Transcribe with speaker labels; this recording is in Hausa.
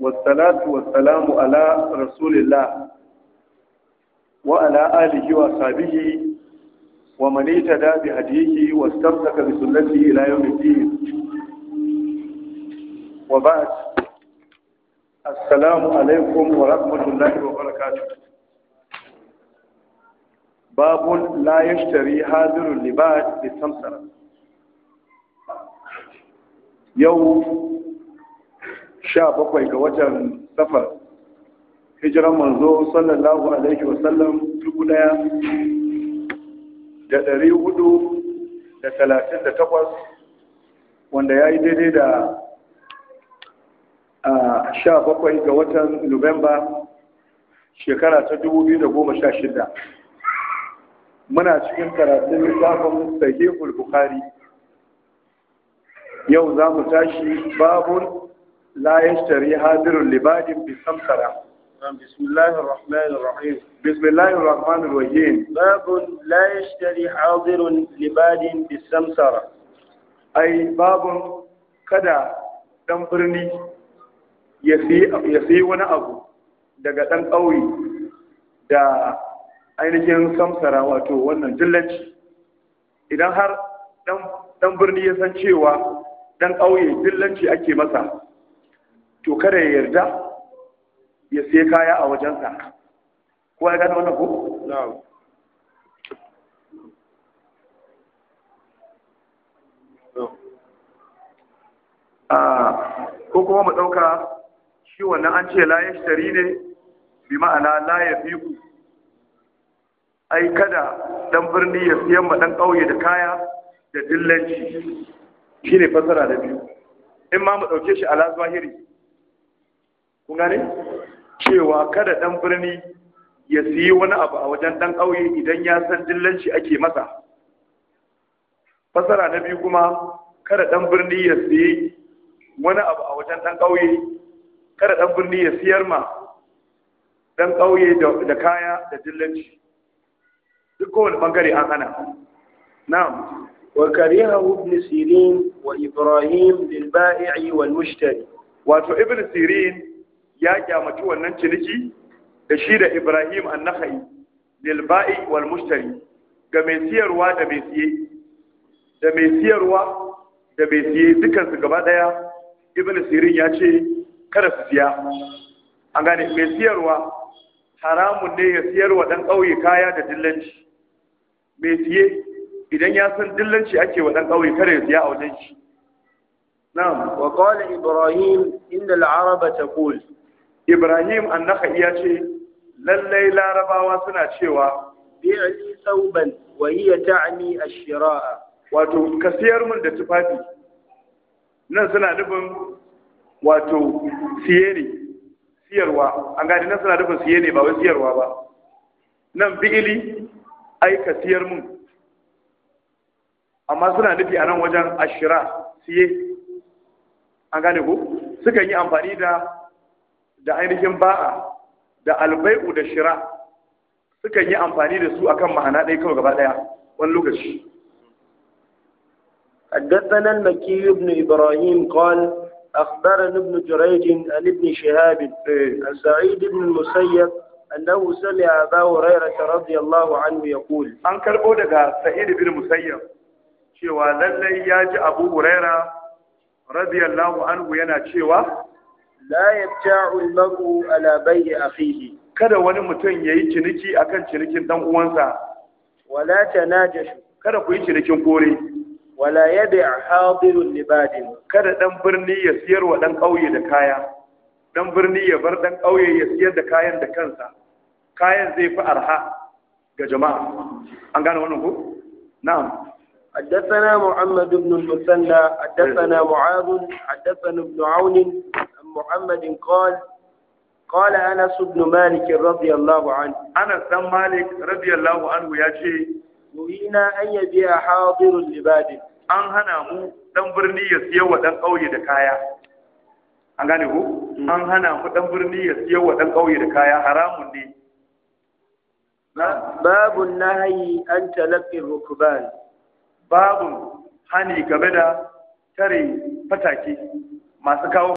Speaker 1: wassalatu wassalamu ala rasulillah wa ala alihi wa sahbihi wa man ittaba bi hadihi wastamsaka bi sunnatihi ila yawmiddin wa ba'd assalamu alaikum wa rahmatullahi wa barakatuh babun la libad bi yau sha bakwai ga watan safar hijiran manzo sallallahu alaihi wasallam dubu daya da dari hudu da talatin da takwas wanda ya yi daidai da a sha bakwai ga watan nuwamba shekara ta dubu biyu da goma sha shida muna cikin karatun zafin sahihul bukari, yau za mu tashi babun لا يشتري حاضر لباد بسمسرة بسم الله الرحمن الرحيم بسم الله الرحمن الرحيم باب لا يشتري حاضر لباد بالسمسرة أي باب كدا dan birni ya sayi wani abu daga ɗan ƙauye da ainihin samsara wato wannan jillaci idan har dan birni ya san cewa dan ƙauye jillaci ake masa to kada ya yarda ya sai kaya a wajensa ko ya gano wannan ko ah, ko kuma mu ɗauka shi wannan an ce layan shari ne bi ma'ana layan biyu ai kada ɗan birni ya siyan ma ɗan ƙauye da kaya da dillanci shi ne fasara da biyu in ma mu ɗauke shi ala zahiri kun ne? cewa kada dan birni ya siyi wani abu a wajen dan ƙauye idan ya san dillanci ake masa fasara na biyu kuma kada dan birni ya siyi wani abu a wajen dan ƙauye kada dan birni ya siyar ma dan ƙauye da kaya da dillanci duk kowane bangare an hana na'am ibrahim ابن سيرين wal mushtari Wato Ibn sirin ya kyamaci wannan ciniki da shi da Ibrahim an-Nakhai lil ba'i wal mushtari ga mai siyarwa da mai siye da mai siyarwa da mai siye dukan su gaba daya Ibn Sirin ya ce kada su siya an gane mai siyarwa haramun ne ya siyarwa dan kauye kaya da dillanci mai siye idan ya san dillanci ake wa dan kauye kada ya siya a wajen shi نعم وقال إبراهيم إن العرب تقول ibrahim annaka iya ce lallai larabawa suna cewa bi'li sauban wa hiya ta'ni ashira'a wato ka siyar mun da tufafi nan suna nufin wato siye ne siyarwa an gani nan suna nufin siye ne ba wai siyarwa ba nan bi'ili ai ka siyar mun amma suna nufi a nan wajen ashira siye an gane ko sukan yi amfani da da ainihin ba'a da albai'u da shira suka yi amfani da su akan ma'ana ɗaya kawai gaba ɗaya wani lokaci حدثنا المكي بن إبراهيم قال أخبرنا ابن جريج عن ابن شهاب عن سعيد بن المسيب أنه سمع أبا هريرة رضي الله عنه يقول أنكر بودك سعيد بن المسيب cewa lallai ya ji abu رضي الله عنه ينا cewa la yabta'u al-mar'u ala bay'i akhihi kada wani mutum yayi ciniki akan cinikin dan uwansa wala tanajashu kada ku yi cinikin kore wala yabi' hadirun libadin kada dan birni ya siyar wa dan kauye da kaya dan birni ya bar dan kauye ya siyar da kayan da kansa kayan zai fi arha ga jama'a an gane wannan ko na'am حدثنا محمد بن المثنى حدثنا معاذ حدثنا ابن عون محمد قال قال أنس بن مالك رضي الله عنه أنس بن مالك an ya ce. wa dan ƙauye da kaya an mm. hana mu dan birni ya siya wa dan ƙauye da kaya haramun ne babun nahayi an talaqqi rukban babun hani game da tare fatake masu kawo